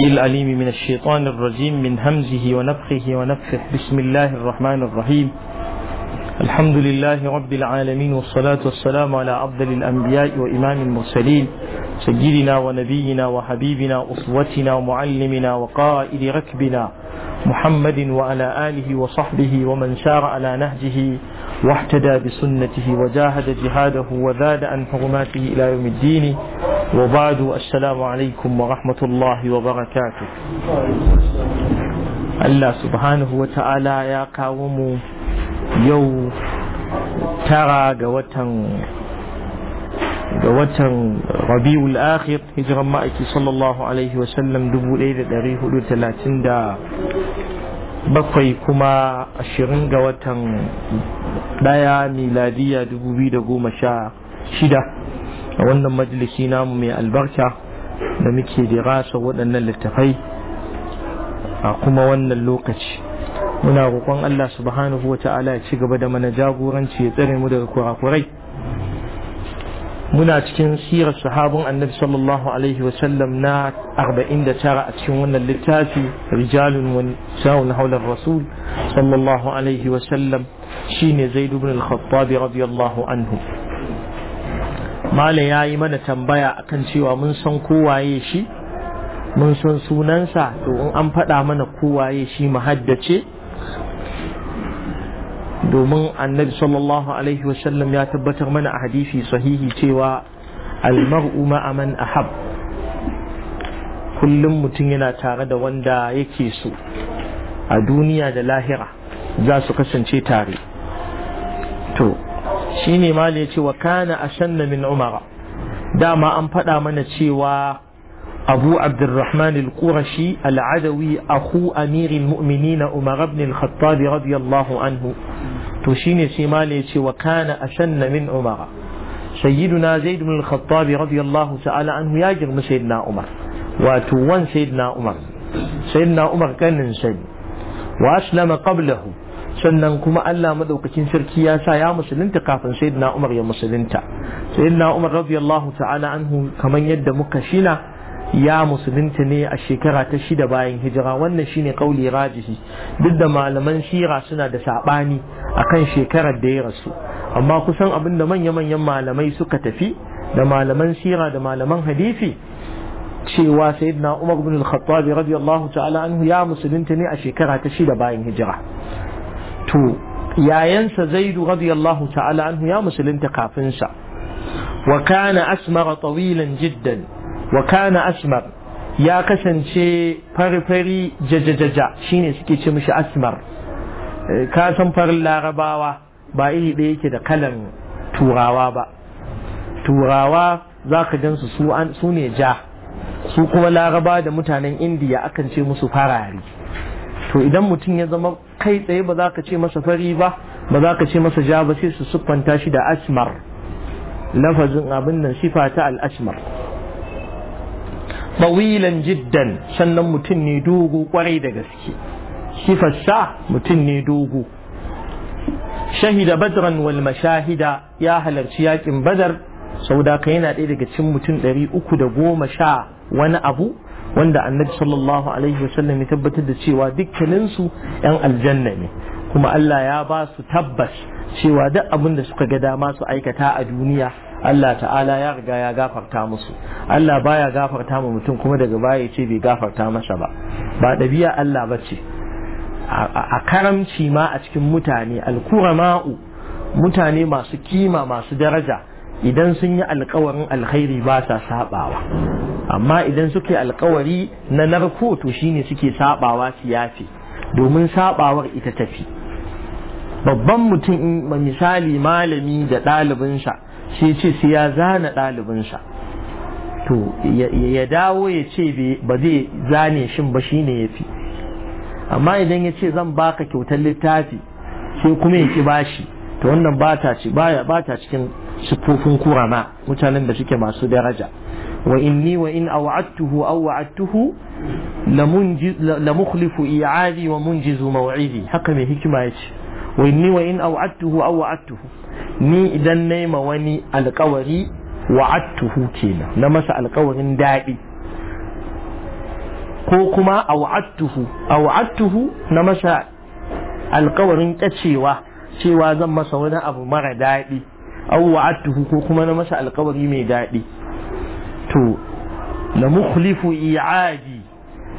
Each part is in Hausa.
الأليم من الشيطان الرجيم من همزه ونفخه ونفخه بسم الله الرحمن الرحيم الحمد لله رب العالمين والصلاة والسلام على أفضل الأنبياء وإمام المرسلين سيدنا ونبينا وحبيبنا أسوتنا ومعلمنا وقائد ركبنا محمد وعلى آله وصحبه ومن سار على نهجه واحتدى بسنته وجاهد جهاده وزاد عن حرماته إلى يوم الدين وبعد السلام عليكم ورحمة الله وبركاته الله سبحانه وتعالى يا قوم يو ترى قوة ga watan rabiul akhir hijiran ma'aiki sallallahu alaihi wasallam 1437 kuma 20 ga watan ɗaya miladiya dubu biyu da goma sha shida a wannan majalisi namu mai albarka da muke da rasa waɗannan littafai a kuma wannan lokaci muna roƙon Allah subhanahu wa ta'ala ya ci gaba da mana jagoranci ya tsare mu daga kurakurai muna cikin sirar sahabin annabi sallallahu alaihi wa sallam na 49 a cikin wannan littafi rijalun wa sa'un haular rasul sallallahu alaihi wa sallam shine zaid ibn al-khattab radiyallahu anhu malam yayi mana tambaya akan cewa mun san waye shi mun san sunansa to in an faɗa mana kowaye shi muhaddace domin annabi sallallahu alaihi sallam ya tabbatar mana a hadisi sahihi cewa almar'u ma'a man ahab kullum mutum yana tare da wanda yake so a duniya da lahira za su kasance tare to shine mali yace wa kana ashanna min umara dama an faɗa mana cewa abu abdurrahman al-qurashi al-adawi amirin amiril mu'minin umar ibn al-khattab radiyallahu anhu to shine shi mali yace wa kana ashanna min umara sayyiduna zaid ibn al-khattab radiyallahu ta'ala anhu ya girma sayyidina umar wato wan sayyidina umar sayyidina umar kanin sai wa aslama qablahu sannan kuma Allah madaukakin sarki ya sa ya musulunta kafin sayyidina Umar ya musulunta sayyidina Umar radiyallahu ta'ala anhu kaman yadda muka shina ya musulunta ne a shekara ta shida bayan hijira wannan shine kauli rajihi duk da malaman shira suna da sabani akan shekarar da ya rasu amma kusan abin da manya-manyan malamai suka tafi da malaman sira da malaman hadisi cewa sayyidina Umar ibn al-Khattab radiyallahu ta'ala anhu ya musulunta ne a shekara ta shida bayan hijira to yayansa zaidu radiyallahu ta'ala anhu ya musulunta kafin sa wa kana asmara tawilan jiddan wa kana asmar ya kasance farfari jajajaja shine suke ce mishi asmar eh, ka san farin larabawa ba iri ɗaya yake da kalan turawa ba turawa za ka gansu su ne ja su kuma laraba da mutanen indiya akan ce musu farare to idan mutum ya zama kai tsaye ba za ka ce masa fari ba ba za ka ce masa ja ba sai su siffanta shi da asmar lafazin abin nan sifa ta al'asmar. tawilan jiddan sannan mutum ne dogo kwarai da gaske sa mutum ne dogo shahida badran wal mashahida ya halarci yakin badar sau da yana ɗaya daga cikin mutum ɗari uku da goma sha wani abu wanda annabi sallallahu alaihi wasallam ya tabbatar da cewa dukkaninsu yan aljanna ne kuma Allah ya ba su tabbas cewa duk abin da suka ga dama su aikata a duniya Allah ta'ala ya riga ya gafarta musu Allah baya gafarta mu mutum kuma daga baya ce bai gafarta masa ba ba ɗabi'a Allah bace a karamci ma a cikin mutane alkurama'u mutane masu kima masu daraja idan sun yi alkawarin alkhairi ba sa sabawa amma idan suke alkawari na narko to shine suke sabawa su domin sabawar ita tafi babban mutum misali malami da ɗalibinsa sai ce sai ya zana ɗalibinsa to ya dawo ya ce ba zai zane shin ba shine yafi amma idan ya ce zan baka kyautar littafi sai kuma ya ki bashi to wannan ba ta cikin siffofin kurama mutanen da suke masu daraja وإني وإن أوعدته أو وعدته لمخلف إيعادي ومنجز موعدي حقا هكما وإني وإن أوعدته أو وعدته ni idan na yi wani alkawari wa'attuhu kenan na masa alkawarin daɗi ko kuma a wa'attuhu a na masa alkawarin kacewa cewa zan masa wani abu mara daɗi au ko kuma na masa alkawari mai daɗi to na mukhlifu i'adi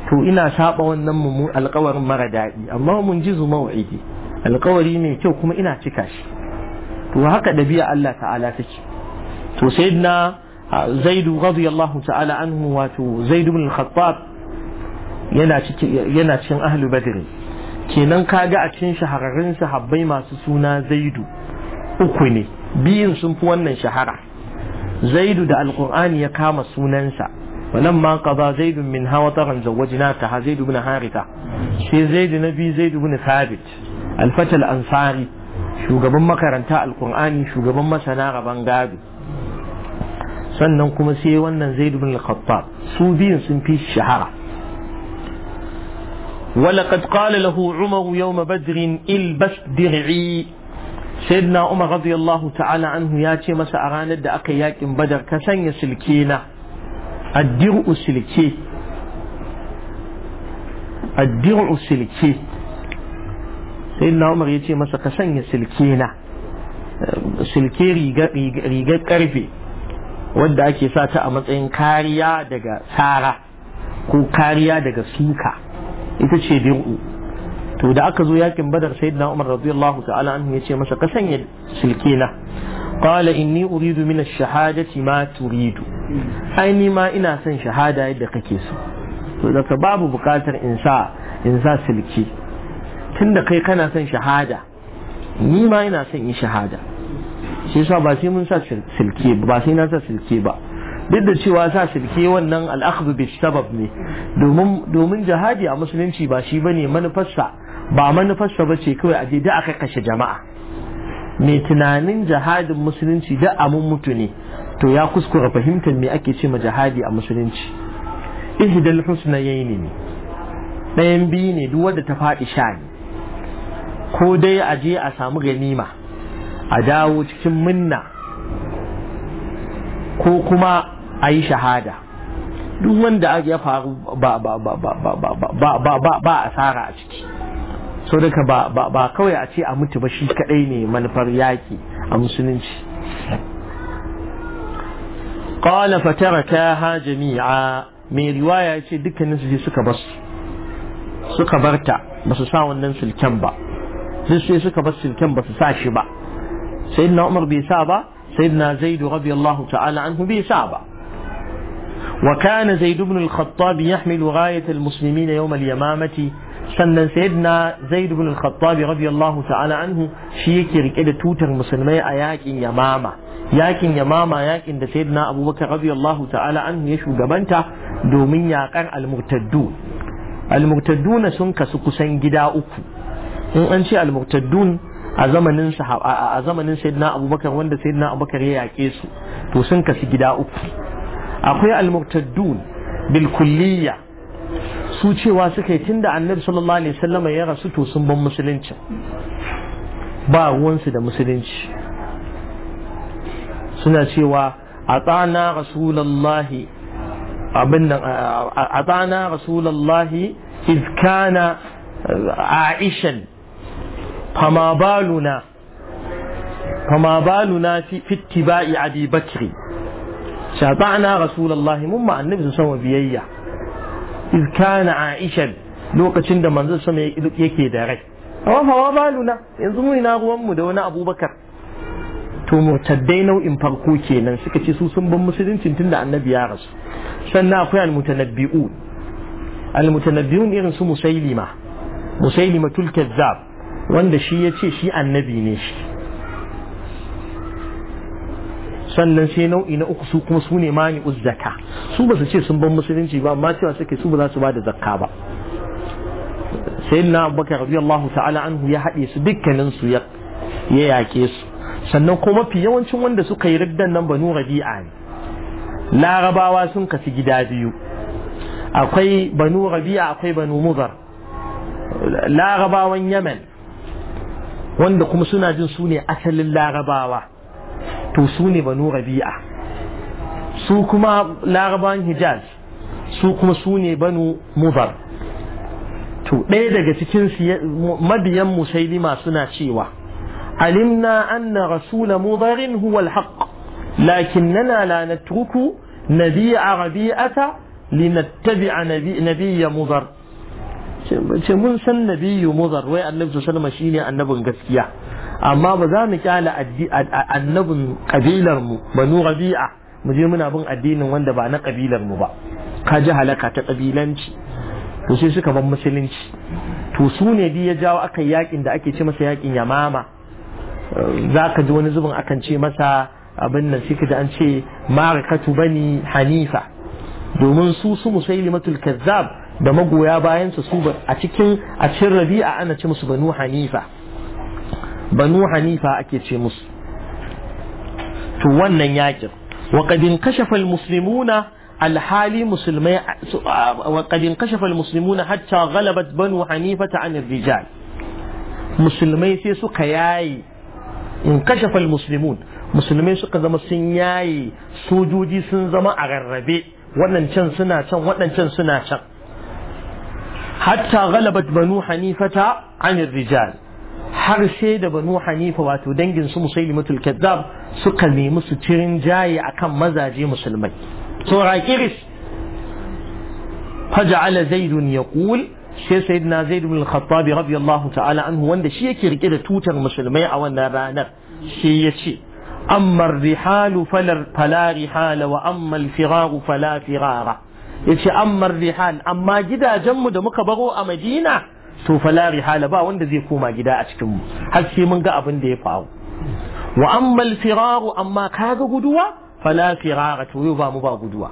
to ina saba wannan mu alƙawarin mara daɗi amma mun ji zu maw'idi alƙawari mai kyau kuma ina cika shi to haka dabi'a Allah ta'ala take to sayyidina zaidu radiyallahu ta'ala anhu wato zaidu bin khattab yana cikin yana cikin ahli badr kenan kaga a cikin shahararrun sahabbai masu suna zaidu uku ne biyun sun fi wannan shahara زيد ده القرآن يا سوننسا ولما قضى زيد منها وطرا زوجناكها زيد بن حارثة في زيد نبي زيد بن ثابت الفتى الأنصاري شو قبل ما كرنتا القرآن شو قبل ما سناغ بنغاب سننكم سيوانا زيد بن الخطاب سودين سنفي الشهرة ولقد قال له عمر يوم بدر البس درعي sayyidina umar radiyallahu ta'ala anhu ya ce masa a ranar da aka yakin badar ka sanya silke na silke silke sayyidina umar ya ce masa ka sanya silke silke rigar karfe wadda ake sa ta a matsayin kariya daga tsara ko kariya daga suka ita ce dir'u to da aka zo yakin badar sayyidina umar radiyallahu ta'ala anhu yace masa ka sanya silke na qala inni uridu min ash-shahadati ma turidu ai ni ma ina son shahada yadda kake so to daga babu bukatar in sa in sa silke tunda kai kana son shahada ni ma ina son yin shahada shi yasa ba sai mun sa silke ba sai na sa silke ba duk da cewa sa silke wannan al'akhdhu bi sabab ne domin domin jihadi a musulunci ba shi bane manufarsa ba manufarsa ba ce kawai aje da aka kashe jama'a mai tunanin jihadin musulunci da amun mutu ne to ya kuskura fahimtar me ake ce ma jihadi a musulunci ihdal yayi ne ɗayan biyu ne duk wadda ta faɗi sha ne ko dai a je a samu ganima a dawo cikin minna ko kuma a yi shahada duk wanda ya faru ba asara a ciki so daga ba ba ba kawai a ce a mutu ba shi kadai ne manufar yaki a musulunci qala ha jami'a mai riwaya ya ce dukkanin su suka bar suka barta ba su sa wannan silken ba duk sai suka bar silken ba su sa shi ba sayyidina umar bai sa ba sayyidina zaid radiyallahu ta'ala anhu bai sa ba wa kana zaid ibn al-khattab بن ghayat al-muslimin yawm al-yamamati sannan sayyidina zaid ibn al-khattab radiyallahu ta'ala anhu shi yake rike da tutar musulmai a yakin yamama yakin yamama yakin da sayyidina abubakar radiyallahu ta'ala anhu ya shugabanta domin yakar al-murtaddu al-murtadduna sun kasu kusan gida uku in an ce al-murtaddun a zamanin a zamanin sayyidina abubakar wanda sayyidina abubakar ya yake su to sun kasu gida uku akwai al-murtaddun bil su cewa suka yi tunda annabi sallallahu alaihi wasallam ya rasu to sun ban musulunci ba ruwansu da musulunci suna cewa a tsana rasulallahi abin a tsana rasulallahi izkana uh, aishan fama baluna fama baluna fi ittiba'i abi bakri shata'na rasulallahi mun ma annabi sun biyayya iz kana lokacin da manzon sama yake da rai awa hawa baluna yanzu mu ina ruwan mu da wani abubakar to murtaddai nau'in farko kenan suka ce su sun ban musuluncin tun da annabi ya rasu sannan akwai almutanabbi'un almutanabbi'un irin su musailima musailima tul kazzab wanda shi ya ce shi annabi ne shi sannan sai nau'i na uku su kuma su ne mani uzzaka su ba su ce sun ban musulunci ba amma cewa suke su ba za su ba da zakka ba na abubakar radiyallahu ta'ala anhu ya haɗe su dukkanin su ya yaƙe su sannan kuma mafi yawancin wanda suka yi riddan nan banu rabi'a ne larabawa sun kasu gida biyu akwai banu rabi'a akwai banu larabawan yamen wanda kuma suna jin su ne asalin larabawa to su ne banu rabi'a su kuma laraban hijaz su kuma su ne banu muzar to ɗaya daga cikin mabiyan musailima suna cewa alimna anna rasula mudarin huwa alhaq lakinnana la natruku nabi'a rabi'ata linattabi'a nabiyya mudar ce mun san nabiyyu mudar wai annabi sallallahu alaihi shine annabin gaskiya amma ba za mu kyala annabin kabilar mu banu rabi'a mu je muna bin addinin wanda ba na kabilar mu ba ka ji halaka ta kabilanci to sai suka ban musulunci to su ne ya jawo aka yakin da ake ce masa yakin yamama za ka ji wani zubin akan ce masa abin nan suka da an ce marakatu bani hanifa domin su su musailimatul kazzab da magoya bayansa su a cikin a cikin rabi'a ana ce musu banu hanifa banu hanifa ake ce musu to wannan yakin wa qad inkashafa almuslimuna alhali musulmai wa qad inkashafa almuslimuna hatta galabat banu hanifata an rijal musulmai sai suka yayi in inkashafa almuslimun musulmai suka zama sun yayi sojoji sun zama a rarrabe wannan can suna can wannan can suna can hatta galabat banu hanifata an rijal har sai da banu hanifa wato dangin su musailimatul kazzab suka nemi su cirin jaye akan mazaje musulmai saura kiris faja'ala zaidun yaqul sai sayyidina zaid ibn al-khattab radiyallahu ta'ala anhu wanda shi yake rike da tutar musulmai a wannan ranar shi yace amma rihalu fala rihala wa amma al-firaru fala firara yace amma rihal amma gidajenmu da muka baro a madina to fala rihala ba wanda zai koma gida a cikin mu har sai mun ga abin da ya faru wa ammal firaru amma kaga guduwa fa la firara to yau ba mu ba guduwa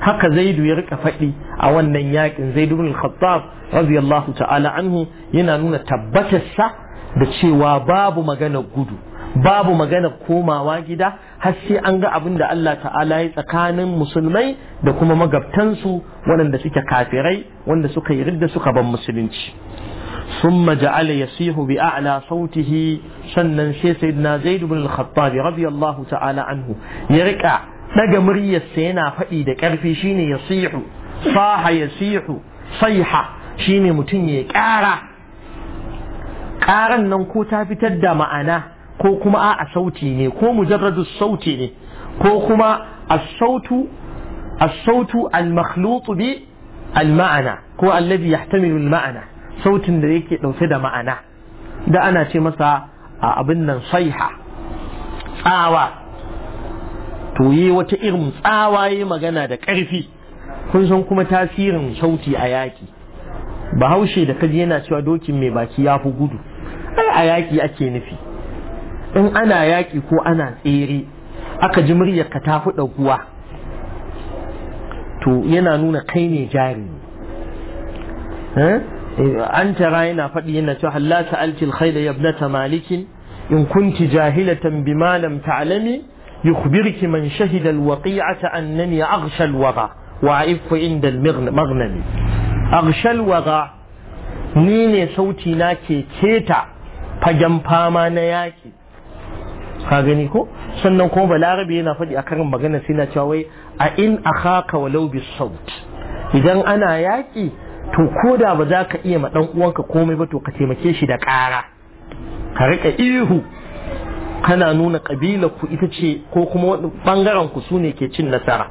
haka zaidu ya rika faɗi a wannan yakin zaidu bin khattab radiyallahu ta'ala anhu yana nuna tabbatar sa da cewa babu magana gudu babu magana komawa gida har sai an ga abin da Allah ta'ala ya tsakanin musulmai da kuma magabtansu waɗanda suke kafirai wanda suka yi ridda suka ban musulunci ثم جعل يصيح بأعلى صوته سنن شي سيدنا زيد بن الخطاب رضي الله تعالى عنه يركع daga muryarsa yana faɗi da ƙarfi shine yasihu saha yasihu saiha shine mutum ya ƙara ƙaran nan ko ta fitar da ma'ana ko kuma a sauti ne ko mujarradu sauti ne ko kuma a sautu a sautu al-makhlutu bi al-ma'ana ko alladhi yahtamilu al-ma'ana sautin da yake dauke da ma'ana da ana ce masa a abin nan saiha tsawa to yi wata irin tsawa yi magana da ƙarfi kun san kuma tasirin sauti a yaƙi bahaushe da kaji yana cewa dokin mai baki ya fi gudu ai a yaƙi ake nufi in ana yaƙi ko ana tsere aka ji ka ta fi ɗaukuwa to yana nuna kai ne jari an tara yana faɗi yana cewa hallata sa'alti alkhayla ya ibnata malikin in kunti jahilatan bima lam ta'lami yukhbiruki man shahida alwaqi'ata annani aghsha alwaqa wa a'ifu inda almaghnami aghsha alwaqa ni ne sauti na ke keta fagen fama na yaki ka gani ko sannan kuma balarabe yana faɗi a karin magana sai na cewa wai a in haka walau laubi saut idan ana yaƙi to ko da ba za ka iya ma uwanka komai ba to ka taimake shi da ƙara ka riƙa ihu kana nuna ƙabilar ku ita ce ko kuma ɓangaren ku su ne ke cin nasara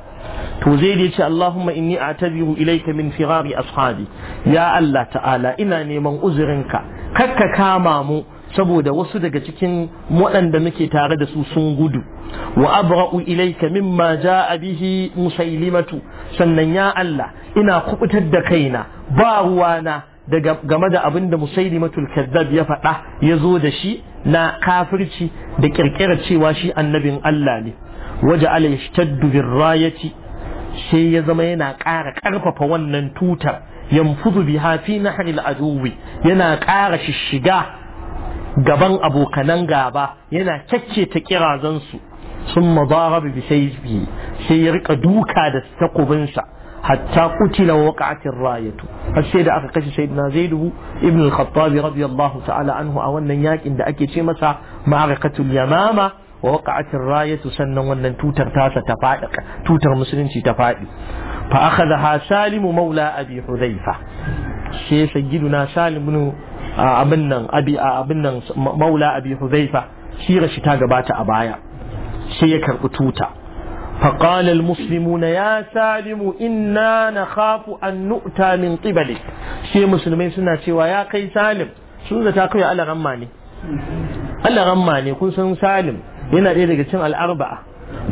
to zai da ce Allahumma inni atabihu ilayka min firari ashabi ya Allah ta'ala ina neman uzurinka kakka kama mu saboda wasu daga cikin waɗanda muke tare da su sun gudu wa abra'u ilayka mimma ja'a bihi musailimatu sannan ya Allah ina kubutar da kaina ba ruwana daga game da abin da musailimatul kazzab ya faɗa ya zo da shi na kafirci da kirkirar cewa shi annabin Allah ne waje ala yashtaddu birrayati sai ya zama yana ƙara ƙarfafa wannan tutar yanfudu biha fi nahril aduwi yana ƙara shishiga gaban abokanan gaba yana cacce ta kirazansu sun mazarabi bisaifi sai ya rika duka da takubinsa hatta kutila waqa'atir rayatu har sai da aka kashe sayyidina zaidu ibn al-khattabi radiyallahu ta'ala anhu a wannan yakin da ake ce masa ma'arakatul yamama wa waqa'atir rayatu sannan wannan tutar tasa ta fada tutar musulunci ta fadi fa akhadha salimu maula abi hudhaifa sai sayyiduna salim abin nan abin nan maula abi huzaifa sira shi ta gabata a baya sai ya karbi tuta al muslimuna ya salim inna nakhafu an nu'ta min qibali shi musulmai suna cewa ya kai salim sun zata kai Allah ramma ne Allah ramma ne kun san salim yana ɗaya daga cikin al'arba'a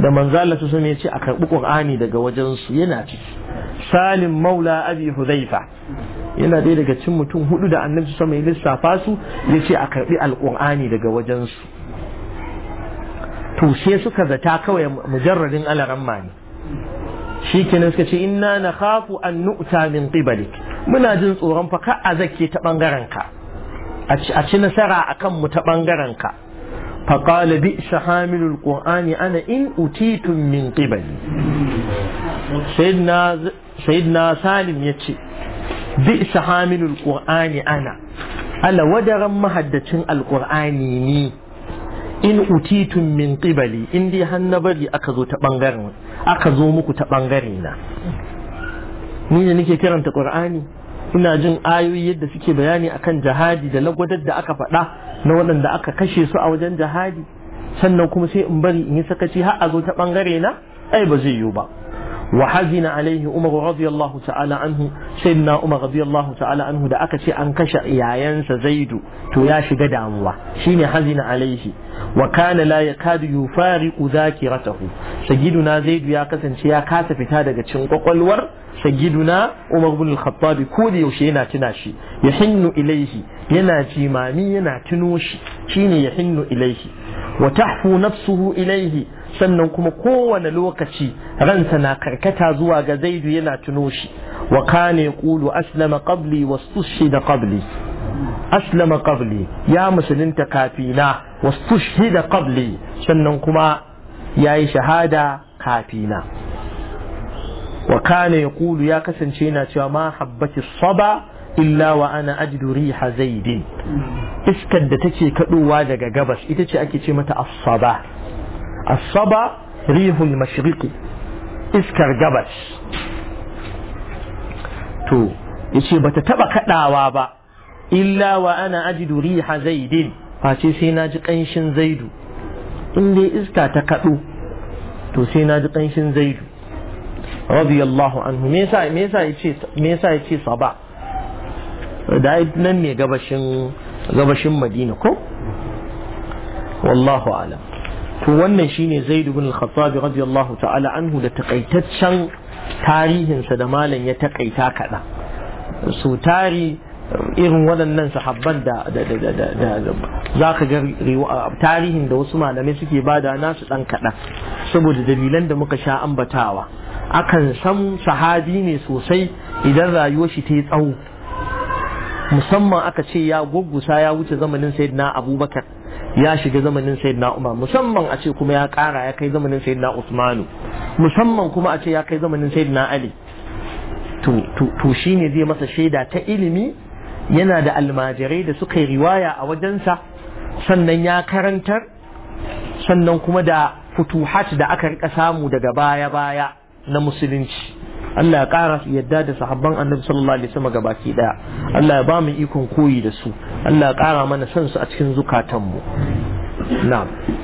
da manzala su sun ce a karbi Qur'ani daga wajen su yana ciki salim maula abi hudhaifa yana ɗaya daga cin mutum hudu da annabi sama ya lissafa su ya ce a karɓi alƙur'ani daga wajensu to sai suka zata kawai mujarradin alaramma ne shi kenan suka ce inna na khafu an nu'ta min qibalik muna jin tsoron fa ka a zake ta bangaren ka a ci nasara akan mu ta bangaren ka fa qala bi shahamilul qur'ani ana in utitum min qibali sayyidina salim yace bi'sa hamilul qur'ani ana Alawadaran mahaddacin alqur'ani ni in utitun min qibali in dai aka zo ta bangaren aka zo muku ta ɓangare na ni ne nake karanta ƙur'ani ina jin ayoyi yadda suke bayani akan jihadi da lagwadar da aka faɗa na waɗanda aka kashe su a wajen jihadi sannan kuma sai in bari in yi sakaci har a zo ta ɓangare na ai ba zai yiwu ba وحزن عليه عمر رضي الله تعالى عنه سيدنا عمر رضي الله تعالى عنه da aka ce an kashe yayansa zaidu to ya shiga damuwa shine hazina alaihi wa kana la yakadu yufariqu dhakiratahu sayyiduna zaidu ya kasance ya kasa fita daga cikin kwakwalwar na umar ibn al-khattab ko da yaushe yana tuna shi yahinnu ilaihi yana jimami yana tuno shi shine yahinnu ilaihi wa tahfu nafsuhu ilaihi sannan kuma kowane lokaci ransa na karkata zuwa ga zaidu yana tuno shi wa kane kulu aslama qabli da qabli aslama qabli ya musulunta kafina da qabli sannan kuma yayi shahada kafina wa kane kulu ya kasance yana cewa ma habbati saba illa wa ana ajidu riha zaidin iskar da take kaɗowa daga gabas ita ce ake ce mata as-saba asaba rihul mashriqi iskar gabas to yace bata taba kadawa ba illa wa ana ajidu riha zaidin face sai na ji kanshin zaidu in dai iska ta kado to sai na ji kanshin zaidu radiyallahu anhu me yasa me yasa yace me yasa yace saba da nan ne gabashin gabashin Madina ko wallahu alam to wannan shine zaid ibn al-khattab radiyallahu ta'ala anhu da takaitaccen tarihinsa da malam ya takaita kada su tari irin waɗannan sahabban da za ka ga tarihin da wasu malamai suke bada nasu ɗan kaɗan saboda dalilan da muka sha ambatawa akan san sahabi ne sosai idan rayuwar shi ta yi tsawo musamman aka ce ya guggusa ya wuce zamanin sayyidina abubakar ya shiga zamanin sayyidina Umar musamman a ce kuma ya kara ya kai zamanin sayyidina Usmanu musamman kuma a ce ya kai zamanin sayyidina Ali to shine zai masa shaida ta ilimi yana da almajirai da suka yi riwaya a wajensa sannan ya karantar sannan kuma da futuhat da aka rika samu daga baya baya na musulunci Allah ya ƙara yadda da sahabban annabi sallallahu alaihi wasallam gabaki daya Allah ya ba mu ikon koyi da su Allah ya ƙara mana son su a cikin zukatanmu na'am